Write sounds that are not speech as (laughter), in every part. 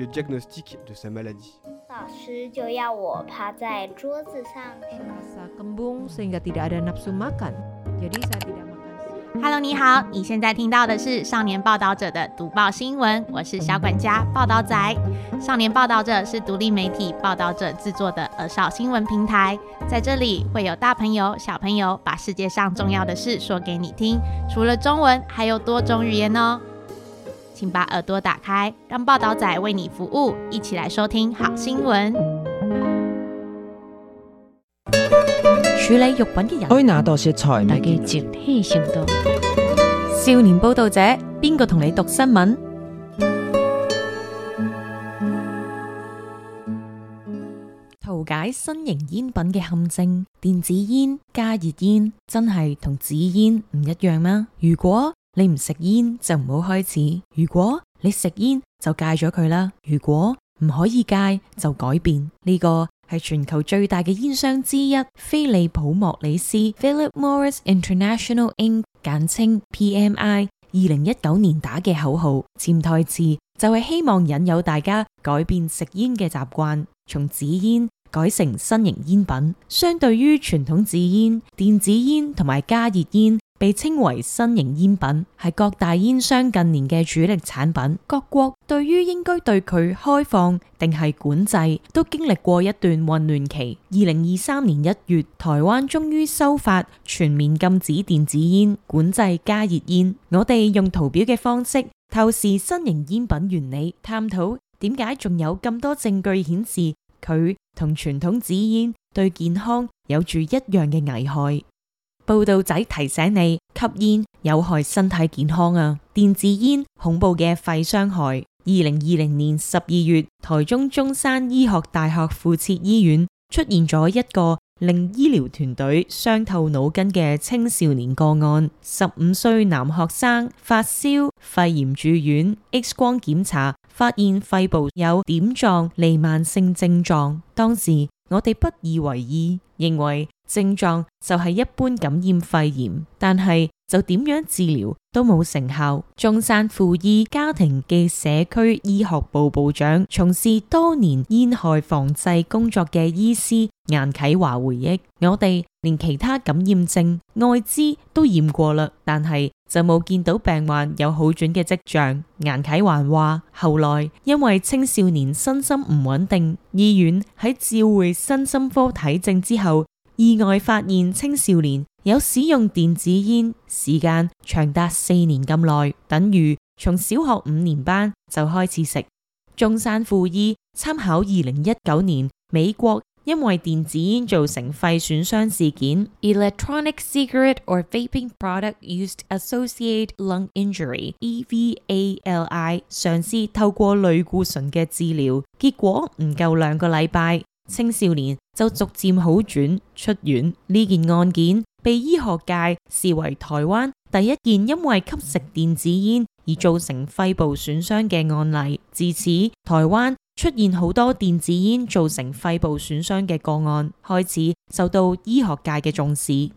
診斷出佢嘅病。老師就要我趴在桌子上。佢發咗燒，所以佢唔想食飯。佢哋就唔想食飯。Hello，你好，你現在聽到嘅係少年報導者的讀報新聞，我是小管家報導仔。少年報導者係獨立媒體報導者製作嘅兒少新聞平台，在這裡會有大朋友小朋友把世界上重要嘅事講畀你聽，除了中文，還有多種語言哦。請把耳朵打開，讓報導仔為你服務，一起來收聽好新聞。 (music) 處理肉品嘅人開哪道食材？唔係嘅朝天道。 (music) 前前少年報道者，邊個同你讀新聞？圖解新型煙品嘅陷阱，電子煙、加熱煙，煙，真係同紙煙唔一樣嗎？如果你唔食煙就唔好開始。如果你食煙就戒咗佢啦。如果唔可以戒就改變。呢、這個係全球最大嘅煙商之一菲利普莫里斯 Philip Morris International Inc. 簡稱 PMI。二零一九年打嘅口號潛台詞就係、是、希望引誘大家改變食煙嘅習慣，從紙煙改成新型煙品。相對於傳統紙煙、電子煙同埋加熱煙，被稱為新型菸品，係各大菸商近年嘅主力產品。各國對於應該對佢開放定係管制，都經歷過一段混亂期。二零二三年一月，台灣終於修法，全面禁止電子菸、管制加熱菸。我哋用圖表嘅方式透視新型菸品原理，探討點解仲有咁多證據顯示佢同傳統紙菸對健康有住一樣嘅危害。報道者提醒你，吸煙有害身體健康啊！電子煙恐怖嘅肺傷害。二零二零年十二月，台中中山醫學大學附設醫院出現咗一個令醫療團隊傷透腦筋嘅青少年個案。十五歲男學生發燒肺炎住院，X 光檢查發現肺部有點狀彌漫性症狀。當時我哋不以為意。認為症狀就係一般感染肺炎，但係就點樣治療都冇成效。中山附醫家庭暨社區醫學部部長、從事多年煙害防治工作嘅醫師顏啟華回憶：我哋連其他感染症愛滋都驗過啦，但係。就冇見到病患有好轉嘅跡象。顏啟華話：後來因為青少年身心唔穩定，醫院喺照會身心科體證之後，意外發現青少年有使用電子煙，時間長達四年咁耐，等於從小學五年班就開始食。中山附醫參考二零一九年美國。因為電子煙造成肺損傷事件，Electronic cigarette or vaping product used to associate lung injury (EVALI)。嘗試透過類固醇嘅治療，結果唔夠兩個禮拜，青少年就逐漸好轉出院。呢件案件被醫學界視為台灣第一件因為吸食電子煙而造成肺部損傷嘅案例。至此，台灣。出現好多電子煙造成肺部損傷嘅個案，開始受到醫學界嘅重視。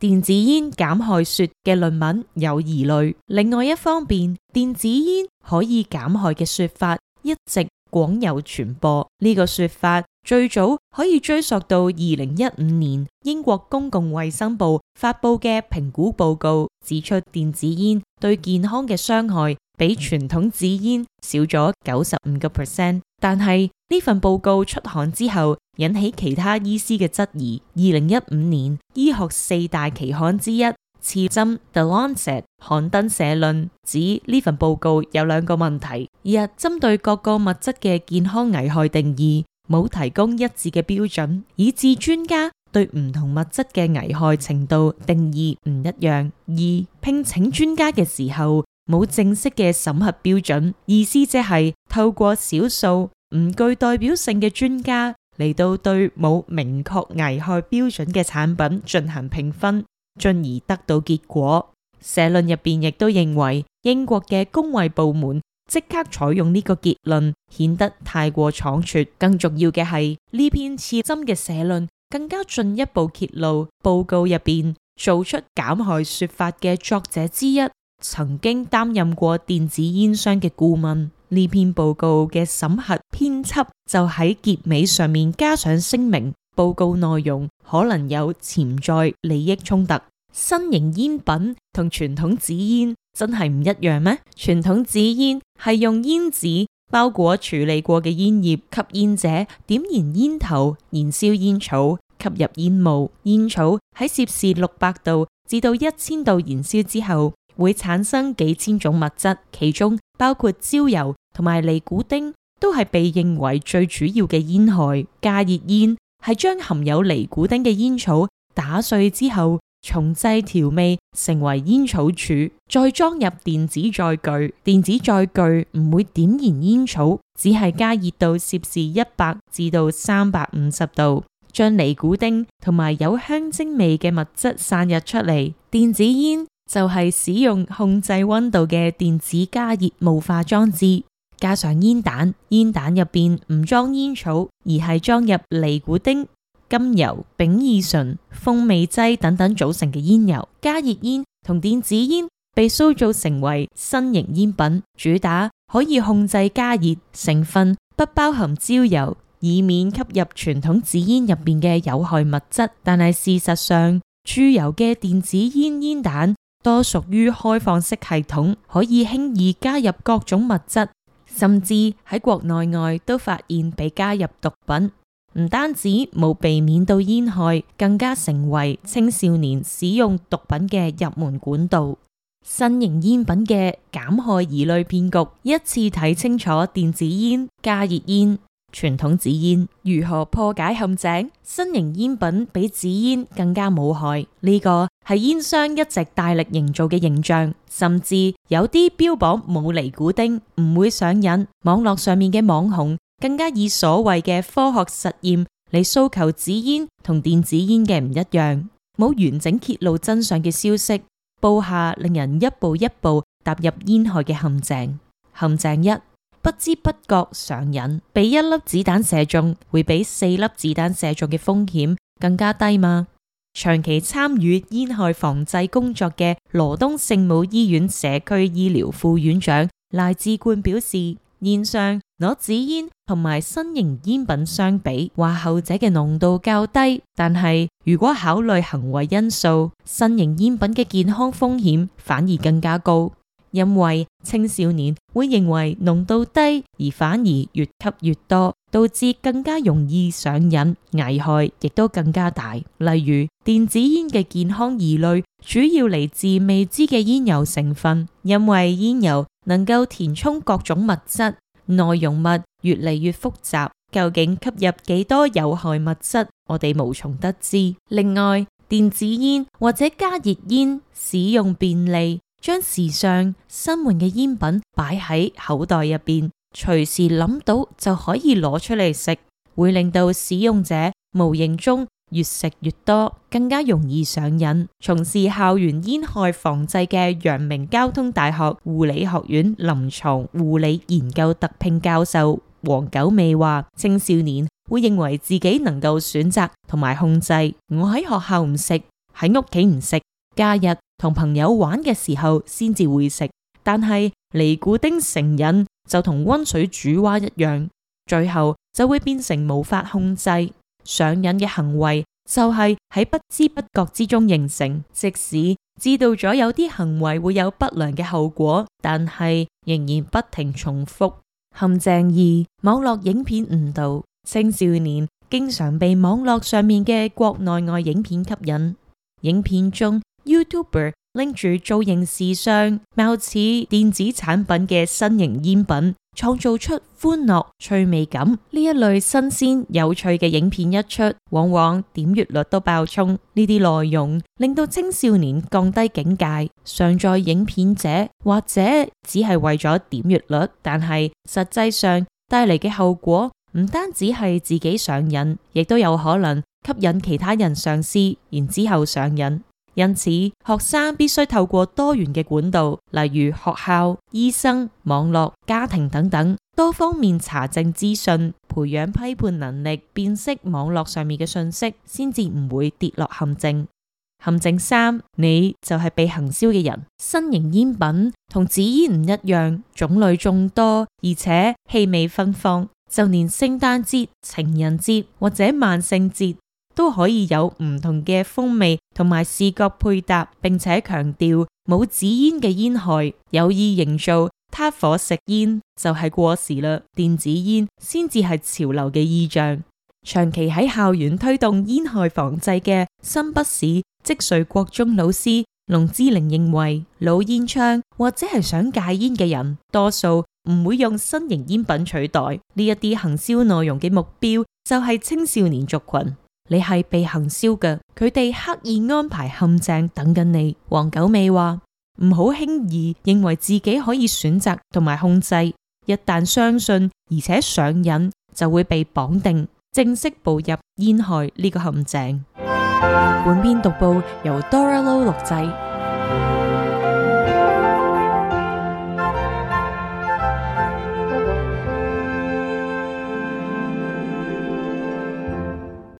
電子煙減害說嘅論文有疑慮。另外一方面，電子煙可以減害嘅說法一直廣有傳播。呢個說法最早可以追溯到二零一五年英國公共衛生部發佈嘅評估報告，指出電子煙對健康嘅傷害，比傳統紙煙少咗九十五個 percent，但係呢份報告出刊之後引起其他醫師嘅質疑。二零一五年醫學四大期刊之一《刺針》（The Lancet） 刊登社論指呢份報告有兩個問題：一針對各個物質嘅健康危害定義冇提供一致嘅標準，以致專家對唔同物質嘅危害程度定義唔一樣；二聘請專家嘅時候，冇正式嘅審核標準，意思即係透過少數唔具代表性嘅專家嚟到對冇明確危害標準嘅產品進行評分，進而得到結果。社論入邊亦都認為英國嘅公衛部門即刻採用呢個結論顯得太過倉促。更重要嘅係呢篇刺針嘅社論更加進一步揭露報告入邊做出減害說法嘅作者之一。曾經擔任過電子煙商嘅顧問，呢篇報告嘅審核編輯就喺結尾上面加上聲明：報告內容可能有潛在利益衝突。新型煙品同傳統紙煙真係唔一樣咩？傳統紙煙係用煙紙包裹處理過嘅煙葉，吸煙者點燃煙頭，燃燒煙草，吸入煙霧。煙草喺攝氏六百度至到一千度燃燒之後，會產生幾千種物質，其中包括焦油同埋尼古丁，都係被認為最主要嘅煙害。加熱煙係將含有尼古丁嘅煙草打碎之後，重製調味，成為煙草柱，再裝入電子載具。電子載具唔會點燃煙草，只係加熱到攝氏一百至到三百五十度，將尼古丁同埋有香精味嘅物質散入出嚟。電子煙，就係使用控制溫度嘅電子加熱霧化裝置，加上煙彈，煙彈入邊唔裝煙草，而係裝入尼古丁、甘油、丙二醇、風味劑等等組成嘅煙油，加熱煙同電子煙被塑造成為新型煙品，主打可以控制加熱成分，不包含焦油，以免吸入傳統紙煙入邊嘅有害物質。但係事實上，豬油嘅電子煙煙彈。多屬於開放式系統，可以輕易加入各種物質，甚至喺國內外都發現被加入毒品。唔單止冇避免到煙害，更加成為青少年使用毒品嘅入門管道。新型煙品嘅減害疑慮騙局，一次睇清楚電子煙、加熱煙、傳統紙煙如何破解陷阱。新型煙品比紙煙更加冇害呢個。係煙商一直大力營造嘅形象，甚至有啲標榜冇尼古丁，唔會上癮。網絡上面嘅網紅更加以所謂嘅科學實驗嚟訴求紙煙同電子煙嘅唔一樣，冇完整揭露真相嘅消息，布下令人一步一步踏入煙害嘅陷阱。陷阱一，不知不覺上癮，被一粒子彈射中會比四粒子彈射中嘅風險更加低嗎？長期參與煙害防治工作嘅羅東聖母醫院社區醫療副院長賴志冠表示，現上攞紙煙同埋新型煙品相比，話後者嘅濃度較低，但係如果考慮行為因素，新型煙品嘅健康風險反而更加高，因為青少年會認為濃度低而反而越吸越多。導致更加容易上癮，危害亦都更加大。例如電子煙嘅健康疑慮，主要嚟自未知嘅煙油成分，因為煙油能夠填充各種物質，內容物越嚟越複雜，究竟吸入幾多有害物質，我哋無從得知。另外，電子煙或者加熱煙使用便利，將時尚新穎嘅煙品擺喺口袋入邊。隨時諗到就可以攞出嚟食，會令到使用者無形中越食越多，更加容易上癮。從事校園煙害防治嘅陽明交通大學護理學院臨床護理研究特聘教授黃九美話：青少年會認為自己能夠選擇同埋控制，我喺學校唔食，喺屋企唔食，假日同朋友玩嘅時候先至會食，但係尼古丁成癮。就同溫水煮蛙一樣，最後就會變成無法控制上癮嘅行為，就係喺不知不覺之中形成。即使知道咗有啲行為會有不良嘅後果，但係仍然不停重複。陷阱二：網絡影片誤導青少年，經常被網絡上面嘅國內外影片吸引。影片中 YouTuber。拎住造型時尚、貌似電子產品嘅新型煙品，創造出歡樂趣味感。呢一類新鮮有趣嘅影片一出，往往點閱率都爆衝。呢啲內容令到青少年降低警戒，上載影片者或者只係為咗點閱率，但係實際上帶嚟嘅後果唔單止係自己上癮，亦都有可能吸引其他人嘗試，然之後上癮。因此，學生必須透過多元嘅管道，例如學校、醫生、網絡、家庭等等，多方面查證資訊，培養批判能力，辨識網絡上面嘅信息，先至唔會跌落陷阱。陷阱三，你就係被行銷嘅人。新型煙品同紙煙唔一樣，種類眾多，而且氣味芬芳，就連聖誕節、情人節或者萬聖節，都可以有唔同嘅風味同埋視覺配搭，並且強調冇紙煙嘅煙害，有意營造他火食煙就係、是、過時啦，電子煙先至係潮流嘅意象。長期喺校園推動煙害防治嘅新北市積穗國中老師龍之玲認為，老煙槍或者係想戒煙嘅人，多數唔會用新型煙品取代，呢一啲行銷內容嘅目標就係青少年族群。你係被行銷嘅，佢哋刻意安排陷阱等緊你。黃九美話：唔好輕易認為自己可以選擇同埋控制，一旦相信而且上癮，就會被綁定，正式步入煙害呢個陷阱。本篇讀報由 Dora Lo 錄製。